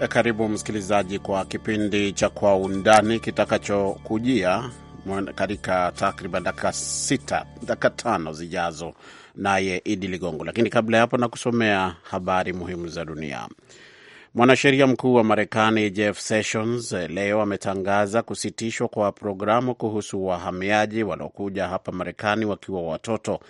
Eh, karibu msikilizaji kwa kipindi cha Kwa Undani kitakachokujia katika takriban dakika sita, dakika tano zijazo, naye Idi Ligongo. Lakini kabla ya hapo, na kusomea habari muhimu za dunia. Mwanasheria mkuu wa Marekani Jeff Sessions eh, leo ametangaza kusitishwa kwa programu kuhusu wahamiaji wanaokuja hapa Marekani wakiwa watoto,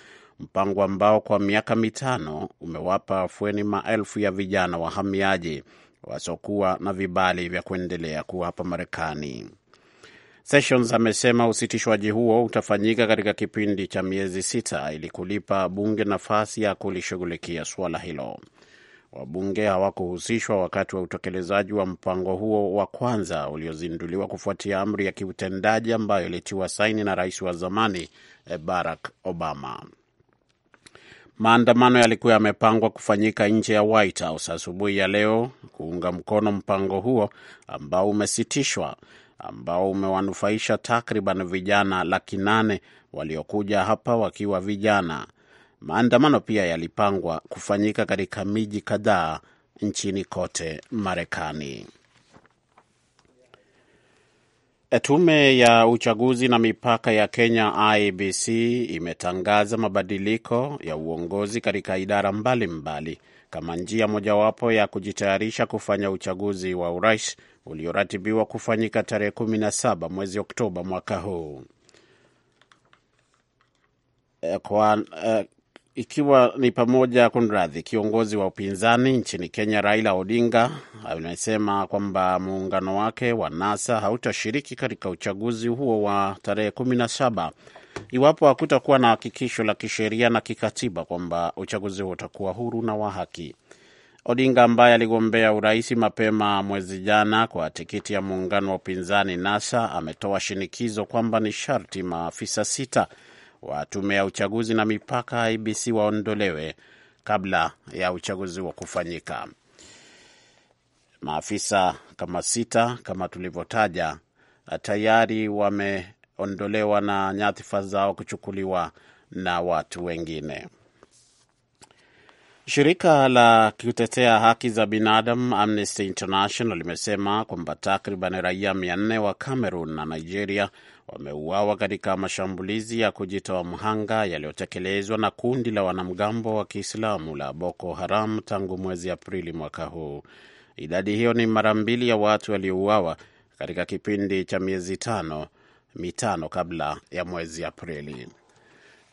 mpango ambao kwa miaka mitano umewapa afueni maelfu ya vijana wahamiaji wasiokuwa na vibali vya kuendelea kuwa hapa Marekani. Sessions amesema usitishwaji huo utafanyika katika kipindi cha miezi sita ili kulipa bunge nafasi ya kulishughulikia suala hilo. Wabunge hawakuhusishwa wakati wa utekelezaji wa mpango huo wa kwanza uliozinduliwa kufuatia amri ya kiutendaji ambayo ilitiwa saini na rais wa zamani eh, Barack Obama. Maandamano yalikuwa yamepangwa kufanyika nje ya White House asubuhi ya leo kuunga mkono mpango huo ambao umesitishwa, ambao umewanufaisha takriban vijana laki nane waliokuja hapa wakiwa vijana. Maandamano pia yalipangwa kufanyika katika miji kadhaa nchini kote Marekani. E, tume ya uchaguzi na mipaka ya Kenya ibc imetangaza mabadiliko ya uongozi katika idara mbalimbali mbali, kama njia mojawapo ya kujitayarisha kufanya uchaguzi wa urais ulioratibiwa kufanyika tarehe 17 mwezi Oktoba mwaka huu. E, kwa, e, ikiwa ni pamoja kunradhi, kiongozi wa upinzani nchini Kenya Raila Odinga amesema kwamba muungano wake wa NASA hautashiriki katika uchaguzi huo wa tarehe kumi na saba iwapo hakutakuwa na hakikisho la kisheria na kikatiba kwamba uchaguzi huo utakuwa huru na wa haki. Odinga ambaye aligombea urais mapema mwezi jana kwa tikiti ya muungano wa upinzani NASA ametoa shinikizo kwamba ni sharti maafisa sita wa tume ya uchaguzi na mipaka IBC waondolewe kabla ya uchaguzi wa kufanyika. Maafisa kama sita kama tulivyotaja tayari wameondolewa na nyadhifa zao kuchukuliwa na watu wengine. Shirika la kutetea haki za binadamu Amnesty International limesema kwamba takriban raia m4 wa Cameroon na Nigeria wameuawa katika mashambulizi ya kujitoa mhanga yaliyotekelezwa na kundi la wanamgambo wa Kiislamu la Boko Haram tangu mwezi Aprili mwaka huu. Idadi hiyo ni mara mbili ya watu waliouawa katika kipindi cha miezi tano mitano kabla ya mwezi Aprili.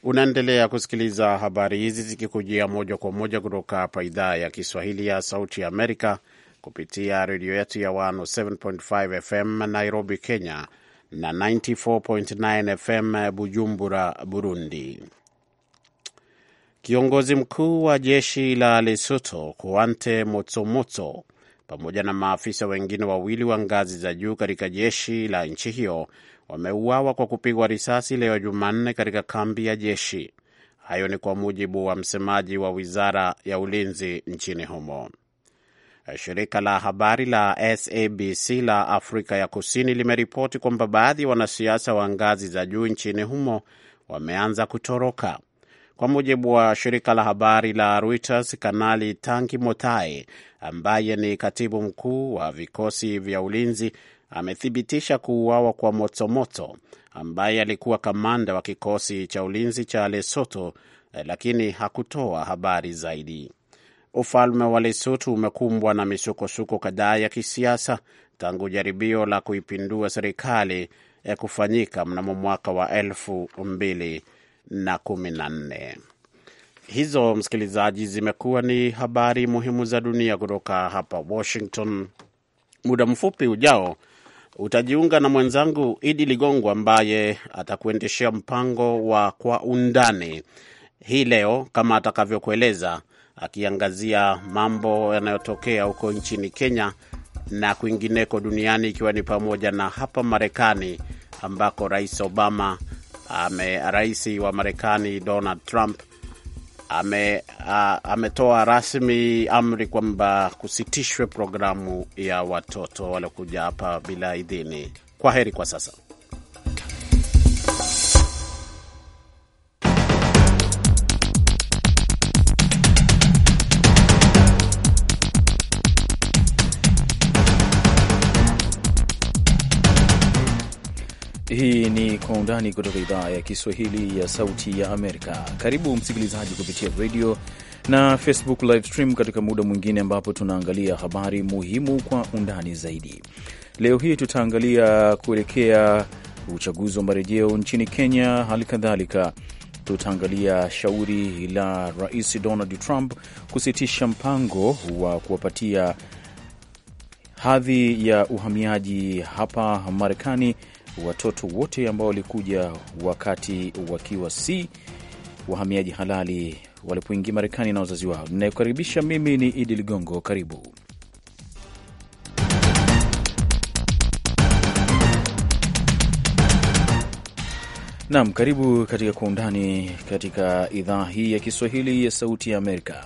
Unaendelea kusikiliza habari hizi zikikujia moja kwa moja kutoka hapa idhaa ya Kiswahili ya Sauti ya Amerika kupitia redio yetu ya 107.5 FM Nairobi, Kenya na 94.9 FM Bujumbura, Burundi. Kiongozi mkuu wa jeshi la Lesoto Kuante Motsomotso pamoja na maafisa wengine wawili wa ngazi za juu katika jeshi la nchi hiyo wameuawa kwa kupigwa risasi leo Jumanne katika kambi ya jeshi. Hayo ni kwa mujibu wa msemaji wa wizara ya ulinzi nchini humo. Eh, shirika la habari la SABC la Afrika ya Kusini limeripoti kwamba baadhi ya wanasiasa wa ngazi za juu nchini humo wameanza kutoroka. Kwa mujibu wa shirika la habari la Reuters, Kanali Tangi Motai ambaye ni katibu mkuu wa vikosi vya ulinzi amethibitisha kuuawa kwa motomoto ambaye alikuwa kamanda wa kikosi cha ulinzi cha lesoto eh, lakini hakutoa habari zaidi ufalme wa Lesotho umekumbwa na misukosuko kadhaa ya kisiasa tangu jaribio la kuipindua serikali ya eh, kufanyika mnamo mwaka wa elfu mbili na kumi na nne. Hizo msikilizaji, zimekuwa ni habari muhimu za dunia kutoka hapa Washington. Muda mfupi ujao utajiunga na mwenzangu Idi Ligongo ambaye atakuendeshea mpango wa Kwa Undani hii leo, kama atakavyokueleza akiangazia mambo yanayotokea huko nchini Kenya na kwingineko duniani ikiwa ni pamoja na hapa Marekani ambako Rais Obama ame, rais wa Marekani Donald Trump ame, a, ametoa rasmi amri kwamba kusitishwe programu ya watoto waliokuja hapa bila idhini. Kwa heri kwa sasa. Hii ni Kwa Undani kutoka idhaa ya Kiswahili ya Sauti ya Amerika. Karibu msikilizaji kupitia radio na Facebook live stream katika muda mwingine ambapo tunaangalia habari muhimu kwa undani zaidi. Leo hii tutaangalia kuelekea uchaguzi wa marejeo nchini Kenya. Hali kadhalika tutaangalia shauri la Rais Donald Trump kusitisha mpango wa kuwapatia hadhi ya uhamiaji hapa Marekani watoto wote ambao walikuja wakati wakiwa si wahamiaji halali walipoingia Marekani na wazazi wao. ninayekaribisha mimi ni Idi Ligongo, karibu nam, karibu katika Kwa Undani katika idhaa hii ya Kiswahili ya Sauti ya Amerika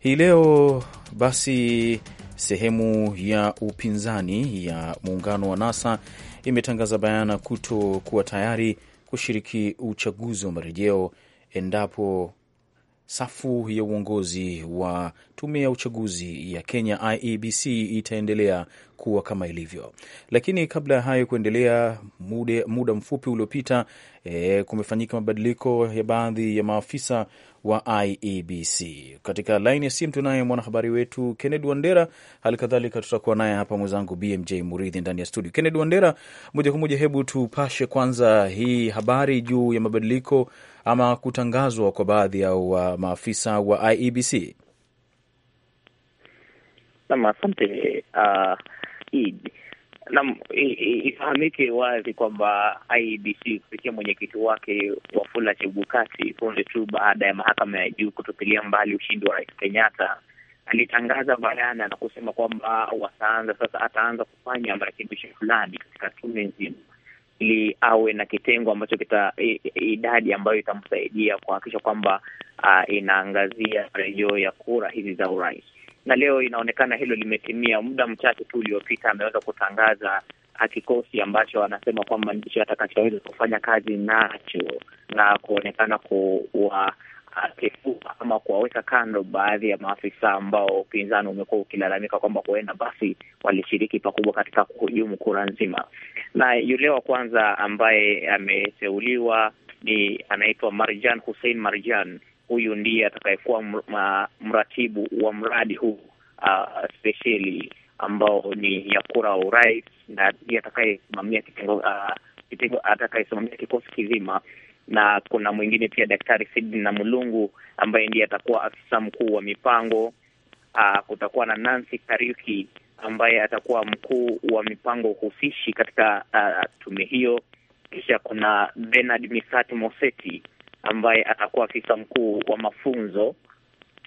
hii leo. Basi sehemu ya upinzani ya muungano wa NASA imetangaza bayana kuto kuwa tayari kushiriki uchaguzi wa marejeo endapo safu ya uongozi wa tume ya uchaguzi ya Kenya IEBC itaendelea kuwa kama ilivyo. Lakini kabla ya hayo kuendelea, muda, muda mfupi uliopita e, kumefanyika mabadiliko ya baadhi ya maafisa wa IEBC. Katika laini ya simu tunaye mwanahabari wetu Kennedy Wandera, hali kadhalika tutakuwa naye hapa mwenzangu BMJ Muridhi ndani ya studio. Kennedy Wandera, moja kwa moja, hebu tupashe kwanza hii habari juu ya mabadiliko ama kutangazwa kwa baadhi ya wa maafisa wa IEBC. Nam, asante uh, Naam, ifahamike wazi kwamba IEBC kupitia mwenyekiti wake Wafula Chebukati, punde tu baada ya mahakama ya juu kutupilia mbali ushindi wa Rais Kenyatta, alitangaza bayana na kusema kwamba wataanza sasa, ataanza kufanya marekebisho fulani katika tume nzima ili awe na kitengo ambacho kita idadi ambayo itamsaidia kuhakikisha kwamba uh, inaangazia rejeo ya kura hizi za urais na leo inaonekana hilo limetimia. Muda mchache tu uliopita ameweza kutangaza kikosi ambacho anasema kwamba ndicho atakachoweza kufanya kazi nacho na kuonekana kuwateua ama kuwaweka kando baadhi ya maafisa ambao upinzani umekuwa ukilalamika kwamba huenda basi walishiriki pakubwa katika kuhujumu kura nzima. Na yule wa kwanza ambaye ameteuliwa ni anaitwa Marjan Hussein Marjan huyu ndiye atakayekuwa mratibu wa mradi huu uh, spesheli ambao ni ya kura wa urais na ndiye atakayesimamia kitengo uh, kitengo atakayesimamia kikosi kizima, na kuna mwingine pia Daktari Sidney na Mulungu ambaye ndiye atakuwa afisa mkuu wa mipango. Uh, kutakuwa na Nancy Kariuki ambaye atakuwa mkuu wa mipango uhusishi katika uh, tume hiyo. Kisha kuna Bernard Misati Moseti ambaye atakuwa afisa mkuu wa mafunzo.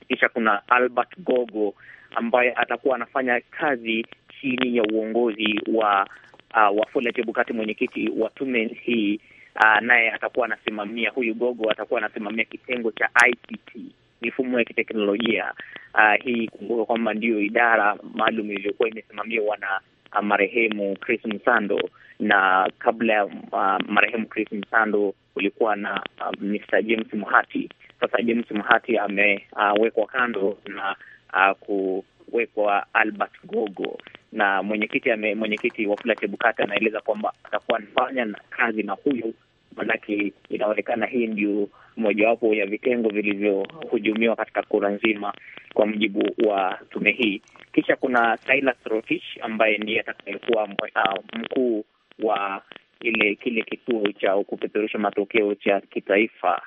Kisha kuna Albert Gogo ambaye atakuwa anafanya kazi chini ya uongozi wa uh, Wafula Chebukati, mwenyekiti wa tume hii uh, naye atakuwa anasimamia, huyu Gogo atakuwa anasimamia kitengo cha ICT mifumo ya kiteknolojia uh, hii kumbuka kwamba ndiyo idara maalum iliyokuwa imesimamiwa na uh, marehemu Chris Msando, na kabla ya uh, marehemu Chris Msando kulikuwa na uh, um, Mr. James Muhati. Sasa James Muhati amewekwa uh, kando na uh, kuwekwa Albert Gogo na mwenyekiti mwenyekiti Wafula Chebukati anaeleza kwamba atakuwa anafanya kazi na huyu manake inaonekana hii ndio mojawapo ya vitengo vilivyohujumiwa katika kura nzima, kwa mujibu wa tume hii. Kisha kuna Silas Rotich ambaye ndiye atakayekuwa uh, mkuu wa ile kile kituo cha kupeperusha matokeo cha kitaifa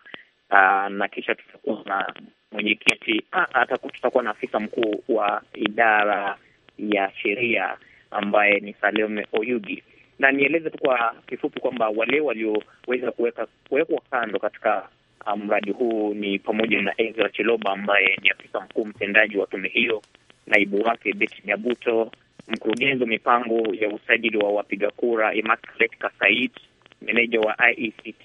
aa, ah, na kisha tutakuwa na mwenyekiti, ah, tutakuwa na afisa mkuu wa idara ya sheria ambaye ni Salome Oyugi. Na nieleze tu kwa kifupi kwamba wale walioweza kuweka kuwekwa kando katika ah, mradi huu ni pamoja na Ezra Chiloba ambaye ni afisa mkuu mtendaji wa tume hiyo, naibu wake Betty Nyabuto mkurugenzi wa mipango ya usajili wa wapiga kura Immaculate Kasait, meneja wa IECT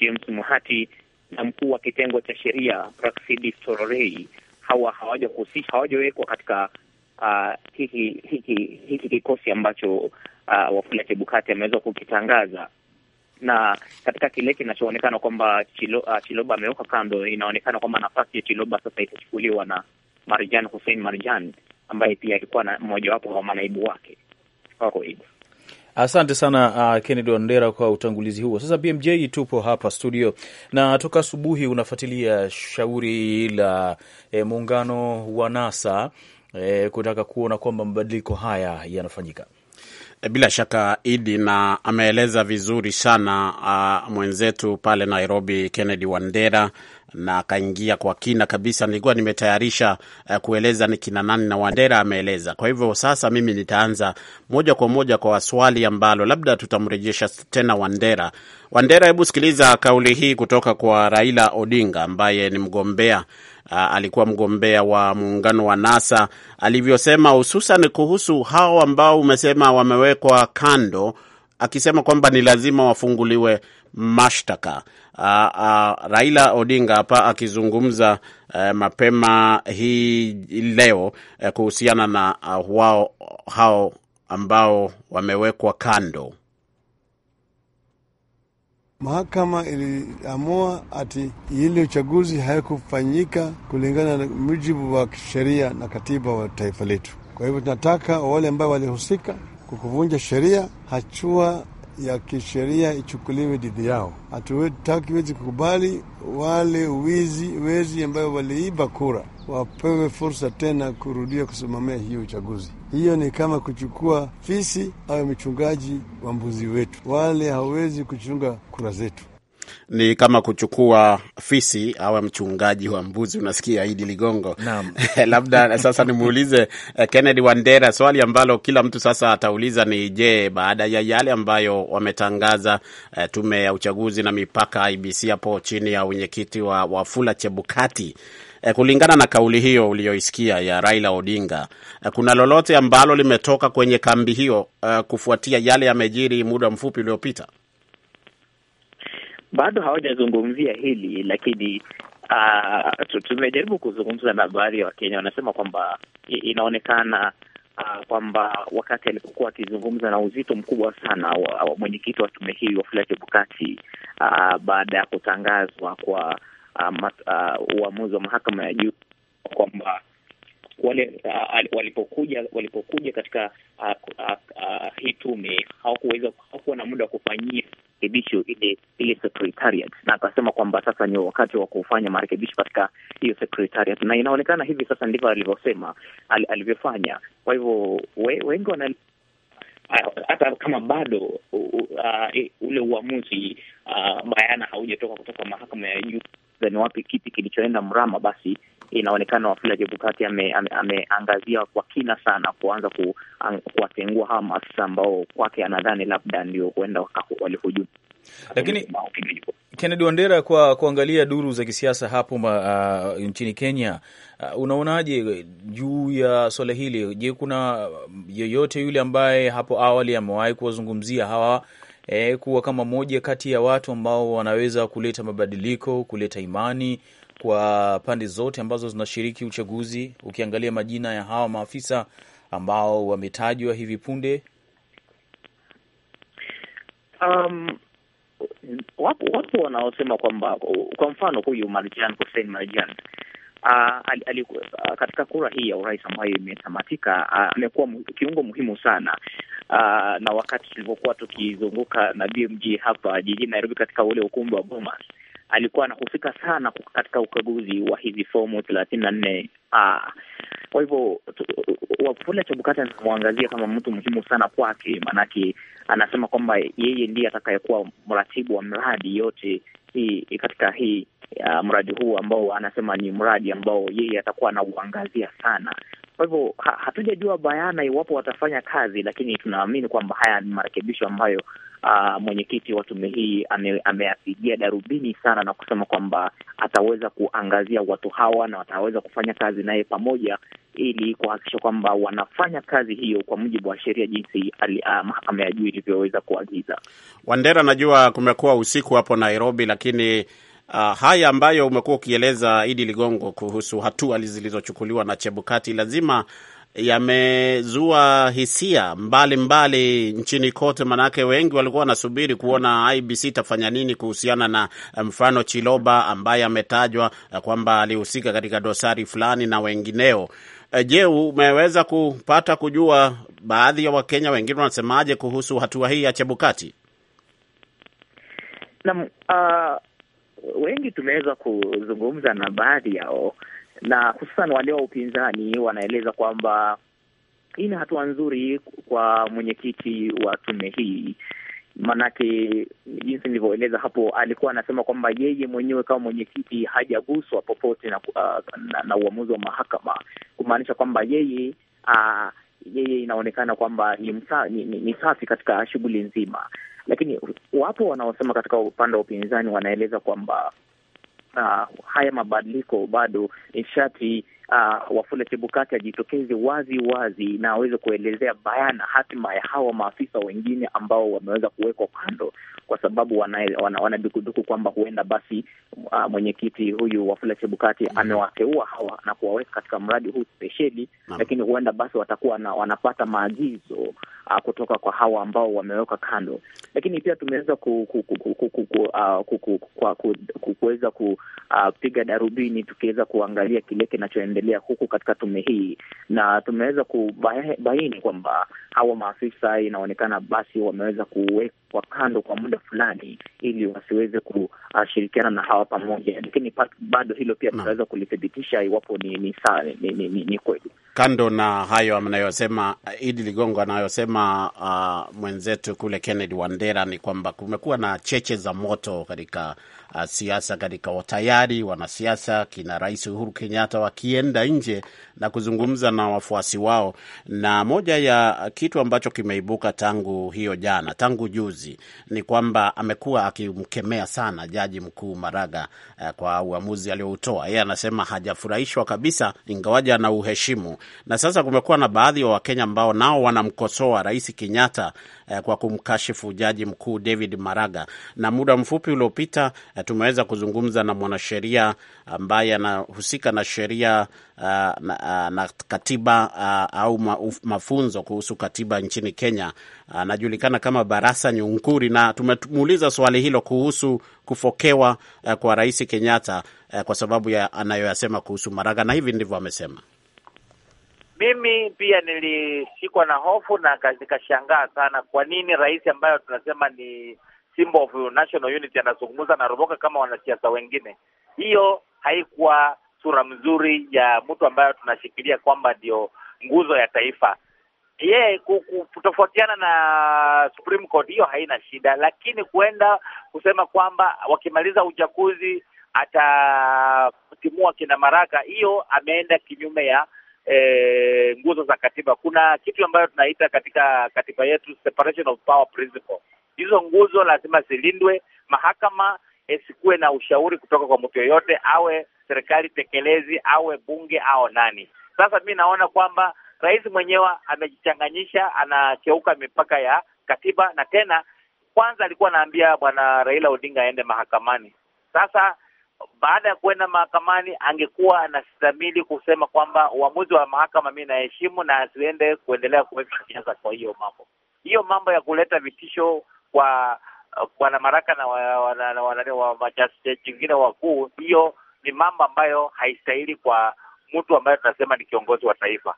James Muhati na mkuu wa kitengo cha sheria Praxidis Tororei hawa hawajahusisha hawajawekwa katika uh, hiki hiki hiki kikosi ambacho uh, Wafula Chebukati ameweza kukitangaza na katika kile kinachoonekana kwamba Chilo, uh, Chiloba ameweka kando, inaonekana kwamba nafasi ya Chiloba sasa itachukuliwa na Marjan Hussein Marjan ambaye pia alikuwa na mmojawapo wa manaibu wake wako hivyo. Asante sana uh, Kennedy Wandera kwa utangulizi huo. Sasa BMJ, tupo hapa studio na toka asubuhi unafuatilia shauri la e, muungano wa NASA e, kutaka kuona kwamba mabadiliko haya yanafanyika. Eh, bila shaka Idi, na ameeleza vizuri sana uh, mwenzetu pale Nairobi Kennedy Wandera na akaingia kwa kina kabisa. Nilikuwa nimetayarisha uh, kueleza ni kina nani na Wandera ameeleza. Kwa hivyo sasa mimi nitaanza moja kwa moja kwa swali ambalo labda tutamrejesha tena Wandera. Wandera, hebu sikiliza kauli hii kutoka kwa Raila Odinga ambaye ni mgombea alikuwa mgombea wa muungano wa NASA alivyosema, hususan kuhusu hao ambao umesema wamewekwa kando, akisema kwamba ni lazima wafunguliwe mashtaka. Raila Odinga hapa akizungumza a, e, mapema hii leo e, kuhusiana na a, wao hao ambao wamewekwa kando mahakama iliamua ati ile uchaguzi haikufanyika kulingana na mujibu wa sheria na katiba wa taifa letu. Kwa hivyo tunataka wale ambao walihusika kwa kuvunja sheria, hatua ya kisheria ichukuliwe dhidi yao. hatutaki wezi kukubali wale wizi wezi ambayo waliiba kura wapewe fursa tena kurudia kusimamia hiyo uchaguzi. Hiyo ni kama kuchukua fisi au mchungaji wa mbuzi wetu, wale hawezi kuchunga kura zetu ni kama kuchukua fisi awe mchungaji wa mbuzi. Unasikia Idi Ligongo? Naam. Labda sasa nimuulize eh, Kennedy Wandera swali ambalo kila mtu sasa atauliza ni je, baada ya yale ambayo wametangaza eh, tume ya uchaguzi na mipaka IBC hapo chini ya wenyekiti wa Wafula Chebukati Eh, kulingana na kauli hiyo uliyoisikia ya Raila Odinga, eh, kuna lolote ambalo limetoka kwenye kambi hiyo eh, kufuatia yale yamejiri muda mfupi uliopita? Bado hawajazungumzia hili lakini Uh, tumejaribu kuzungumza na baadhi ya Wakenya, wanasema kwamba inaonekana uh, kwamba wakati alipokuwa akizungumza na uzito mkubwa sana wa, wa mwenyekiti wa tume hii Wafula Chebukati uh, baada ya kutangazwa kwa Uh, uh, uamuzi wa mahakama ya juu kwamba wale uh, walipokuja walipokuja katika uh, uh, uh, hii tume hawakuweza hawakuwa na muda wa kufanyia rekebisho ile ile secretariat, na akasema kwamba sasa ni wakati wa kufanya marekebisho katika hiyo secretariat, na inaonekana hivi sasa ndivyo alivyosema al, alivyofanya. Kwa hivyo wengi wana uh, hata kama bado uh, uh, ule uamuzi uh, bayana haujatoka kutoka mahakama ya juu sasa ni wapi kipi kilichoenda mrama, basi inaonekana Wafula Chebukati ameangazia ame, kwa kina sana kuanza kuwatengua hawa maafisa ambao kwake anadhani labda ndio huenda walihujumu. Lakini Kennedy Wandera, kwa kuangalia duru za kisiasa hapo uh, nchini Kenya uh, unaonaje juu ya swala hili? Je, kuna yeyote yule ambaye hapo awali amewahi kuwazungumzia hawa e, kuwa kama moja kati ya watu ambao wanaweza kuleta mabadiliko, kuleta imani kwa pande zote ambazo zinashiriki uchaguzi. Ukiangalia majina ya hawa maafisa ambao wametajwa hivi punde, um, wapo wapo wanaosema kwamba kwa mfano huyu Marjan Hussein Marjan Uh, al, al, uh, katika kura hii ya urais ambayo imetamatika uh, amekuwa uh, kiungo muhimu sana uh, na wakati tulivyokuwa tukizunguka na BMG hapa jijini Nairobi katika ule ukumbi wa Bomas, alikuwa anahusika sana katika ukaguzi wa hizi fomu thelathini na nne. Ah, kwa hivyo Wafula Chebukati anamwangazia kama mtu muhimu sana kwake, maanake anasema kwamba yeye ndiye atakayekuwa mratibu wa mradi yote hii katika hii uh, mradi huu ambao anasema ni mradi ambao yeye atakuwa anauangazia sana kwa hivyo hatujajua bayana iwapo watafanya kazi, lakini tunaamini kwamba haya ni marekebisho ambayo uh, mwenyekiti wa tume hii ameyapigia darubini sana na kusema kwamba ataweza kuangazia watu hawa na wataweza kufanya kazi naye pamoja ili kuhakikisha kwamba wanafanya kazi hiyo kwa mujibu wa sheria jinsi ah, mahakama ya juu ilivyoweza kuagiza. Wandera, najua kumekuwa usiku hapo Nairobi, lakini Uh, haya ambayo umekuwa ukieleza Idi Ligongo kuhusu hatua zilizochukuliwa na Chebukati lazima yamezua hisia mbalimbali mbali nchini kote, manake wengi walikuwa wanasubiri kuona IBC itafanya nini kuhusiana na eh, mfano Chiloba ambaye ametajwa eh, kwamba alihusika katika dosari fulani na wengineo. Eh, je, umeweza kupata kujua baadhi ya Wakenya wengine wanasemaje kuhusu hatua hii ya Chebukati? Naam, uh wengi tumeweza kuzungumza na baadhi yao, na hususan wale wa upinzani wanaeleza kwamba hii ni hatua nzuri kwa mwenyekiti wa tume hii, maanake jinsi nilivyoeleza hapo, alikuwa anasema kwamba yeye mwenyewe kama mwenyekiti hajaguswa popote na, uh, na, na uamuzi wa mahakama, kumaanisha kwamba yeye uh, yeye inaonekana kwamba ni, msa, ni, ni, ni safi katika shughuli nzima, lakini wapo wanaosema katika upande wa upinzani wanaeleza kwamba uh, haya mabadiliko bado ni sharti uh, Wafula Chebukati ajitokeze wazi wazi na aweze kuelezea bayana hatima ya hawa maafisa wengine ambao wameweza kuwekwa kando sababu wanadukuduku wana, kwamba huenda basi uh, mwenyekiti huyu Wafula Chebukati mm. amewateua hawa na kuwaweka katika mradi huu spesheli mm. lakini huenda basi watakuwa na, wanapata maagizo uh, kutoka kwa hawa ambao wamewekwa kando, lakini pia tumeweza kuweza kupiga uh, darubini tukiweza kuangalia kile kinachoendelea huku katika tume hii na tumeweza kubaini kwamba hawa maafisa inaonekana basi wameweza kuwekwa kando kwa muda fulani ili wasiweze kushirikiana na hawa pamoja, lakini bado hilo pia tunaweza kulithibitisha iwapo ni ni, ni, ni, ni, ni kweli. Kando na hayo anayosema Idi Ligongo, anayosema uh, mwenzetu kule Kennedy Wandera ni kwamba kumekuwa na cheche za moto katika Uh, siasa katika tayari wanasiasa kina Rais Uhuru Kenyatta wakienda nje na kuzungumza na wafuasi wao, na moja ya kitu ambacho kimeibuka tangu hiyo jana, tangu juzi ni kwamba amekuwa akimkemea sana Jaji Mkuu Maraga uh, kwa uamuzi aliyoutoa. Yeye anasema hajafurahishwa kabisa, ingawaja na uheshimu. Na sasa kumekuwa na baadhi ya wa Wakenya ambao nao wanamkosoa Rais Kenyatta uh, kwa kumkashifu Jaji Mkuu David Maraga, na muda mfupi uliopita tumeweza kuzungumza na mwanasheria ambaye anahusika na sheria uh, na, uh, na katiba uh, au mafunzo kuhusu katiba nchini Kenya. Anajulikana uh, kama Barasa Nyunkuri, na tumemuuliza swali hilo kuhusu kufokewa uh, kwa Rais Kenyatta uh, kwa sababu ya anayoyasema kuhusu Maraga, na hivi ndivyo amesema. Mimi pia nilishikwa na hofu na nikashangaa sana, kwa nini rais ambayo tunasema ni Simba of National Unity anazungumza na Roboka kama wanasiasa wengine. Hiyo haikuwa sura mzuri ya mtu ambayo tunashikilia kwamba ndio nguzo ya taifa. Ye kutofautiana na Supreme Court, hiyo haina shida, lakini kuenda kusema kwamba wakimaliza uchaguzi atatimua kina Maraga, hiyo ameenda kinyume ya e, nguzo za katiba. Kuna kitu ambayo tunaita katika katiba yetu separation of power principle hizo nguzo lazima zilindwe. Mahakama isikuwe na ushauri kutoka kwa mtu yoyote, awe serikali tekelezi, awe bunge au nani. Sasa mi naona kwamba rais mwenyewe amejichanganyisha, anakeuka mipaka ya katiba, na tena kwanza alikuwa anaambia bwana Raila Odinga aende mahakamani. Sasa baada ya kuenda mahakamani, angekuwa anastamili kusema kwamba uamuzi wa mahakama mi naheshimu, na asiende kuendelea kuweka siasa. Kwa hiyo mambo hiyo mambo ya kuleta vitisho kwa wanamaraka na majaji jingine wakuu, hiyo ni mambo ambayo haistahili kwa mtu ambaye tunasema ni kiongozi wa taifa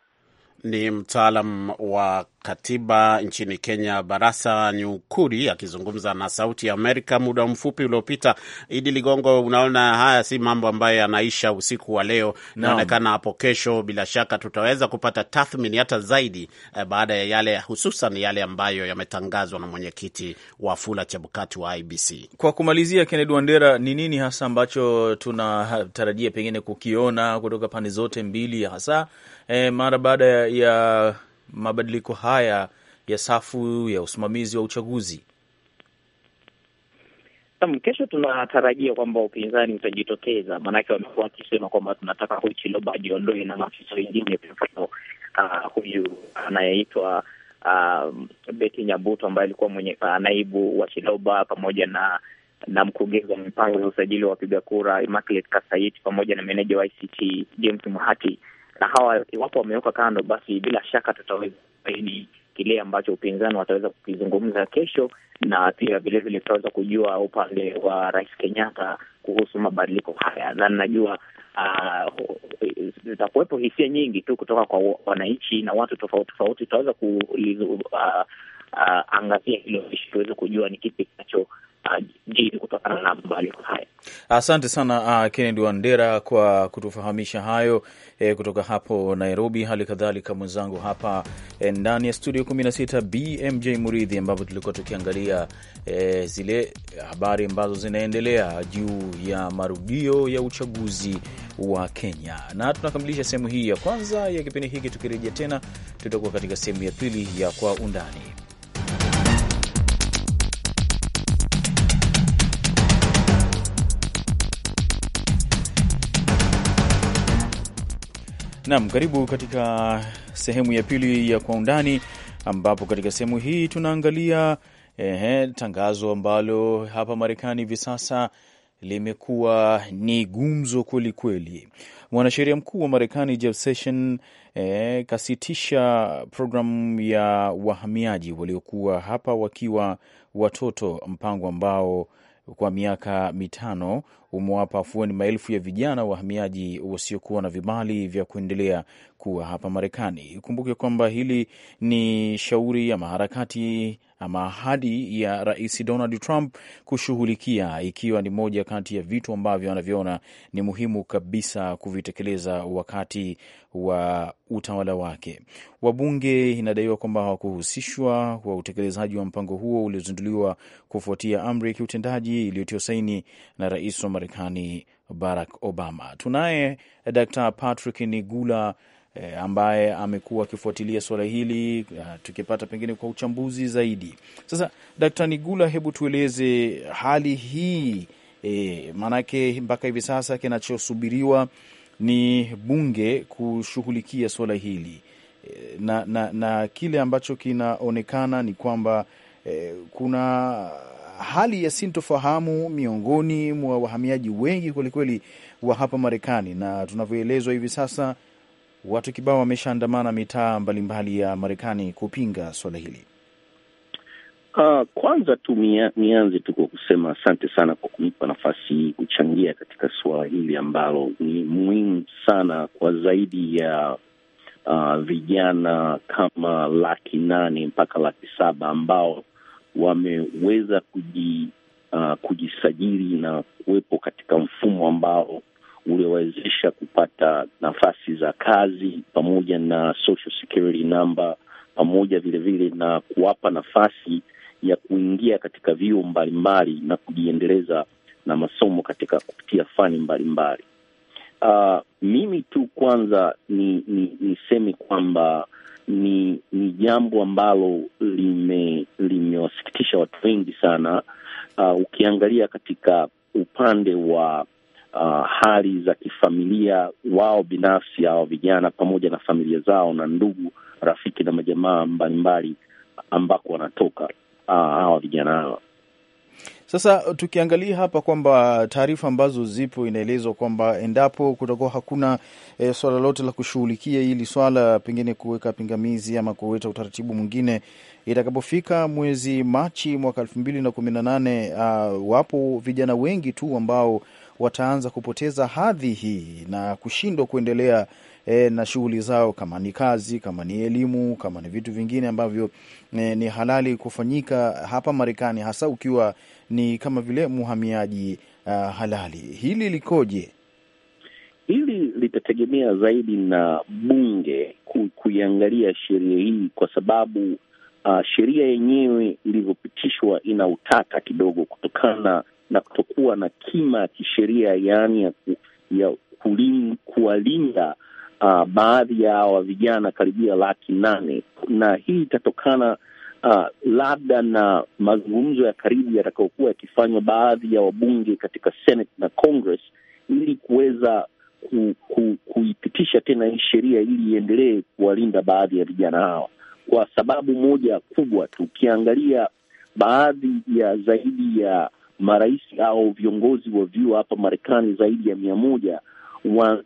ni mtaalam wa katiba nchini Kenya, Barasa Nyukuri akizungumza na Sauti ya Amerika muda mfupi uliopita. Idi Ligongo, unaona haya si mambo ambayo yanaisha usiku wa leo, inaonekana hapo kesho bila shaka tutaweza kupata tathmini hata zaidi eh, baada ya yale hususan yale ambayo yametangazwa na mwenyekiti wa Fula Chebukati wa IBC. Kwa kumalizia, Kennedy Wandera, ni nini hasa ambacho tunatarajia pengine kukiona kutoka pande zote mbili hasa e, mara baada ya mabadiliko haya ya safu ya usimamizi wa uchaguzi? Kesho tunatarajia kwamba upinzani utajitokeza, maanake wamekuwa wakisema kwamba tunataka huyu Chiloba ajiondoe na maafisa wengine, kwa mfano ah, huyu anayeitwa uh, ah, Beti Nyabuto ambaye alikuwa mwenye uh, naibu wa Chiloba pamoja na na mkurugenzi wa mipango ya usajili wa wapiga kura Immaculate Kasait pamoja na meneja wa ICT James Muhati na hawa iwapo wamewekwa kando, basi bila shaka tutaweza kubaini kile ambacho upinzani wataweza kukizungumza kesho, na pia vilevile tutaweza kujua upande wa Rais Kenyatta kuhusu mabadiliko haya, na najua ah, zitakuwepo uh, hisia nyingi tu kutoka kwa wananchi na watu tofauti tofauti. Tutaweza ah, uh, angazia hilo ishi tuweze kujua ni kipi kinacho uh, haya. Asante sana uh, Kennedy Wandera kwa kutufahamisha hayo eh, kutoka hapo Nairobi. Hali kadhalika mwenzangu hapa eh, ndani ya studio 16 BMJ Muridhi, ambapo tulikuwa tukiangalia eh, zile habari ambazo zinaendelea juu ya marudio ya uchaguzi wa Kenya, na tunakamilisha sehemu hii ya kwanza ya kipindi hiki. Tukirejea tena, tutakuwa katika sehemu ya pili ya kwa undani. Naam, karibu katika sehemu ya pili ya Kwa Undani, ambapo katika sehemu hii tunaangalia ehe, tangazo ambalo hapa Marekani hivi sasa limekuwa ni gumzo kweli kweli. Mwanasheria mkuu wa Marekani Jeff Sessions eh, kasitisha programu ya wahamiaji waliokuwa hapa wakiwa watoto, mpango ambao kwa miaka mitano umewapa afueni maelfu ya vijana wahamiaji wasiokuwa na vibali vya kuendelea kuwa hapa Marekani. Ikumbuke kwamba hili ni shauri ama harakati ama ahadi ya Rais Donald Trump kushughulikia, ikiwa ni moja kati ya vitu ambavyo anavyoona ni muhimu kabisa kuvitekeleza wakati wa utawala wake. Wabunge inadaiwa kwamba hawakuhusishwa wa utekelezaji wa mpango huo uliozinduliwa kufuatia amri ya kiutendaji iliyotiwa saini na rais wa Marekani Barack Obama. Tunaye eh, Dr. Patrick Nigula e, ambaye amekuwa akifuatilia suala hili eh, tukipata pengine kwa uchambuzi zaidi. Sasa d Nigula, hebu tueleze hali hii e, maanake mpaka hivi sasa kinachosubiriwa ni bunge kushughulikia suala hili e, na, na, na kile ambacho kinaonekana ni kwamba e, kuna hali ya sintofahamu miongoni mwa wahamiaji wengi kwelikweli wa hapa Marekani, na tunavyoelezwa hivi sasa watu kibao wameshaandamana mitaa mbalimbali ya Marekani kupinga suala hili. Uh, kwanza tu nianze tu kwa kusema asante sana kwa kunipa nafasi hii kuchangia katika suala hili ambalo ni muhimu sana kwa zaidi ya uh, vijana kama laki nane mpaka laki saba ambao wameweza kuji, uh, kujisajili na kuwepo katika mfumo ambao uliowezesha kupata nafasi za kazi pamoja na social security number pamoja vilevile na kuwapa nafasi ya kuingia katika vyuo mbalimbali na kujiendeleza na masomo katika kupitia fani mbalimbali. Uh, mimi tu kwanza ni niseme ni kwamba ni ni jambo ambalo lime limewasikitisha watu wengi sana. Uh, ukiangalia katika upande wa uh, hali za kifamilia wao binafsi hawa vijana pamoja na familia zao na ndugu, rafiki na majamaa mbalimbali ambako wanatoka uh, hawa uh, vijana hawa sasa tukiangalia hapa kwamba taarifa ambazo zipo inaelezwa kwamba endapo kutakuwa hakuna e, swala lote la kushughulikia hili swala, pengine kuweka pingamizi ama kuweta utaratibu mwingine itakapofika mwezi Machi mwaka elfu mbili na kumi na nane ah, wapo vijana wengi tu ambao wataanza kupoteza hadhi hii na kushindwa kuendelea e, na shughuli zao, kama ni kazi, kama ni elimu, kama ni vitu vingine ambavyo e, ni halali kufanyika hapa Marekani, hasa ukiwa ni kama vile mhamiaji uh, halali. Hili likoje? Hili litategemea zaidi na bunge ku, kuiangalia sheria hii kwa sababu Uh, sheria yenyewe ilivyopitishwa ina utata kidogo kutokana na kutokuwa na kima ya kisheria, yaani ya kuwalinda uh, baadhi ya wa vijana karibia laki nane na hii itatokana Uh, labda na mazungumzo ya karibu yatakayokuwa yakifanywa baadhi ya wabunge katika Senate na Congress ili kuweza ku, ku, kuipitisha tena hii sheria ili iendelee kuwalinda baadhi ya vijana hawa, kwa sababu moja kubwa tu. Ukiangalia baadhi ya zaidi ya marais au viongozi wa vyuo hapa Marekani, zaidi ya mia moja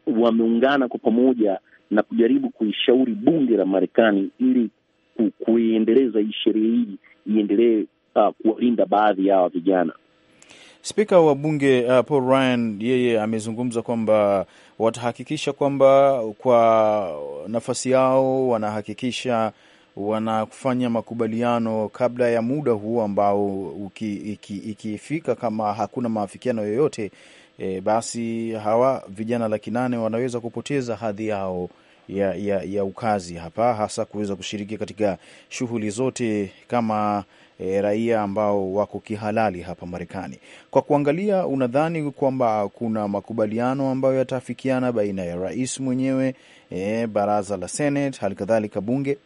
wameungana wa kwa pamoja na kujaribu kuishauri bunge la Marekani ili kuiendeleza hii sheria hii iendelee uh, kuwalinda baadhi ya hawa vijana. Spika wa bunge uh, Paul Ryan yeye amezungumza kwamba watahakikisha kwamba kwa nafasi yao wanahakikisha wanafanya makubaliano kabla ya muda huu ambao ikifika, kama hakuna maafikiano yoyote e, basi hawa vijana laki nane wanaweza kupoteza hadhi yao ya, ya, ya ukazi hapa, hasa kuweza kushiriki katika shughuli zote kama e, raia ambao wako kihalali hapa Marekani. Kwa kuangalia, unadhani kwamba kuna makubaliano ambayo yataafikiana baina ya rais mwenyewe e, baraza la Senate, kadhalika bunge?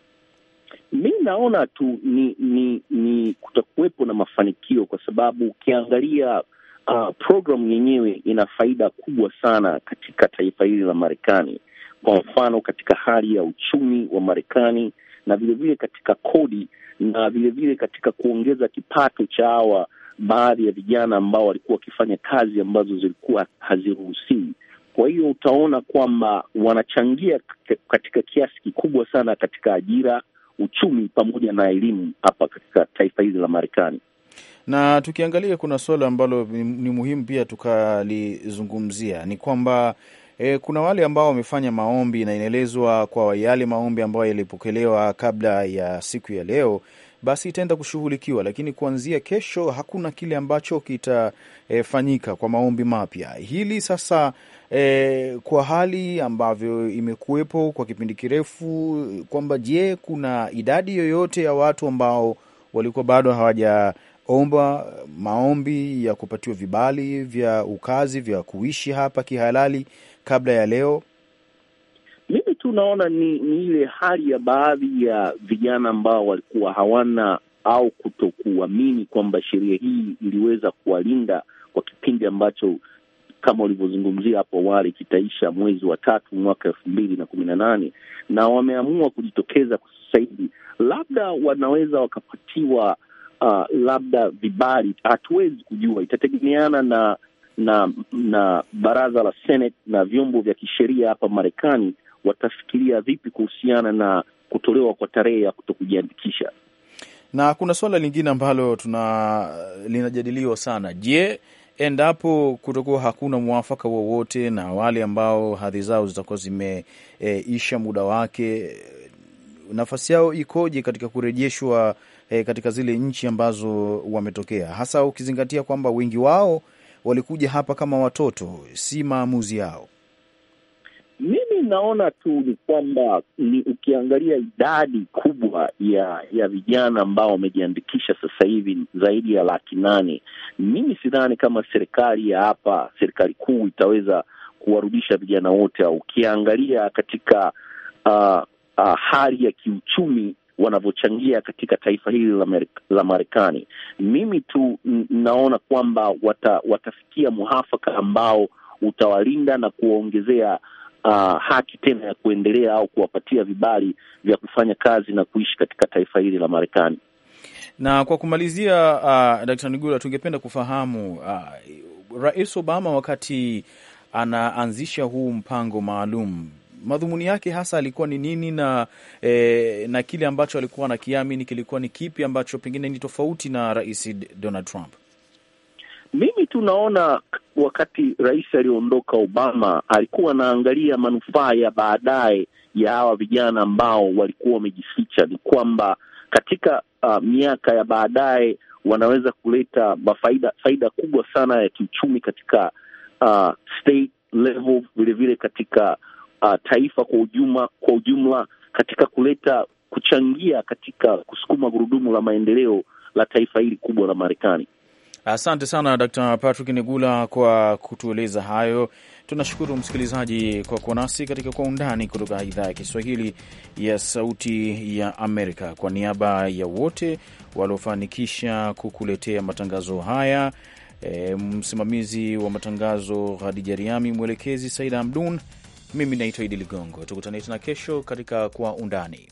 Mi naona tu ni, ni, ni kutakuwepo na mafanikio kwa sababu ukiangalia uh, programu yenyewe ina faida kubwa sana katika taifa hili la Marekani. Kwa mfano, katika hali ya uchumi wa Marekani na vilevile vile katika kodi na vilevile vile katika kuongeza kipato cha hawa baadhi ya vijana ambao walikuwa wakifanya kazi ambazo zilikuwa haziruhusiwi. Kwa hiyo utaona kwamba wanachangia katika kiasi kikubwa sana katika ajira, uchumi pamoja na elimu hapa katika taifa hili la Marekani. Na tukiangalia kuna suala ambalo ni muhimu pia tukalizungumzia ni kwamba E, kuna wale ambao wamefanya maombi na inaelezwa kwa yale maombi ambayo yalipokelewa kabla ya siku ya leo, basi itaenda kushughulikiwa, lakini kuanzia kesho hakuna kile ambacho kitafanyika e, kwa maombi mapya. Hili sasa e, kwa hali ambavyo imekuwepo kwa kipindi kirefu kwamba je, kuna idadi yoyote ya watu ambao walikuwa bado hawaja omba maombi ya kupatiwa vibali vya ukazi vya kuishi hapa kihalali kabla ya leo? Mimi tu naona ni, ni ile hali ya baadhi ya vijana ambao walikuwa hawana au kutokuamini kwamba sheria hii iliweza kuwalinda kwa kipindi ambacho kama ulivyozungumzia hapo awali kitaisha mwezi wa tatu mwaka elfu mbili na kumi na nane na wameamua kujitokeza kwa sasa hivi, labda wanaweza wakapatiwa uh, labda vibali, hatuwezi kujua, itategemeana na na na baraza la Senate na vyombo vya kisheria hapa Marekani watafikiria vipi kuhusiana na kutolewa kwa tarehe ya kuto kujiandikisha. Na kuna suala lingine ambalo tuna linajadiliwa sana. Je, endapo kutokuwa hakuna mwafaka wowote na wale ambao hadhi zao zitakuwa zimeisha e, muda wake, nafasi yao ikoje katika kurejeshwa e, katika zile nchi ambazo wametokea, hasa ukizingatia kwamba wengi wao walikuja hapa kama watoto. Si maamuzi yao. Mimi naona tu ni kwamba ni ukiangalia idadi kubwa ya ya vijana ambao wamejiandikisha sasa hivi zaidi ya laki nane, mimi sidhani kama serikali ya hapa, serikali kuu itaweza kuwarudisha vijana wote, au ukiangalia katika uh, uh, hali ya kiuchumi wanavyochangia katika taifa hili la, Marekani. Mimi tu naona kwamba wata, watafikia muafaka ambao utawalinda na kuwaongezea uh, haki tena ya kuendelea au kuwapatia vibali vya kufanya kazi na kuishi katika taifa hili la Marekani. Na kwa kumalizia, uh, Dkt. Nigula, tungependa kufahamu uh, Rais Obama wakati anaanzisha huu mpango maalum madhumuni yake hasa alikuwa ni nini, na e, na kile ambacho alikuwa anakiamini kilikuwa ni kipi ambacho pengine ni tofauti na Rais Donald Trump? Mimi tunaona wakati rais aliondoka Obama alikuwa anaangalia manufaa ya baadaye ya hawa vijana ambao walikuwa wamejificha, ni kwamba katika uh, miaka ya baadaye wanaweza kuleta mafaida, faida kubwa sana ya kiuchumi katika uh, state level, vilevile katika uh, taifa kwa ujuma, kwa ujumla katika kuleta kuchangia katika kusukuma gurudumu la maendeleo la taifa hili kubwa la Marekani. Asante sana Dr. Patrick Nigula kwa kutueleza hayo. Tunashukuru msikilizaji kwa kuwa nasi katika Kwa Undani kutoka idhaa ya Kiswahili ya Sauti ya Amerika. Kwa niaba ya wote waliofanikisha kukuletea matangazo haya, e, msimamizi wa matangazo Hadija Riami, mwelekezi Saida Amdun. Mimi naitwa Idi Ligongo, tukutane tena kesho katika Kwa Undani.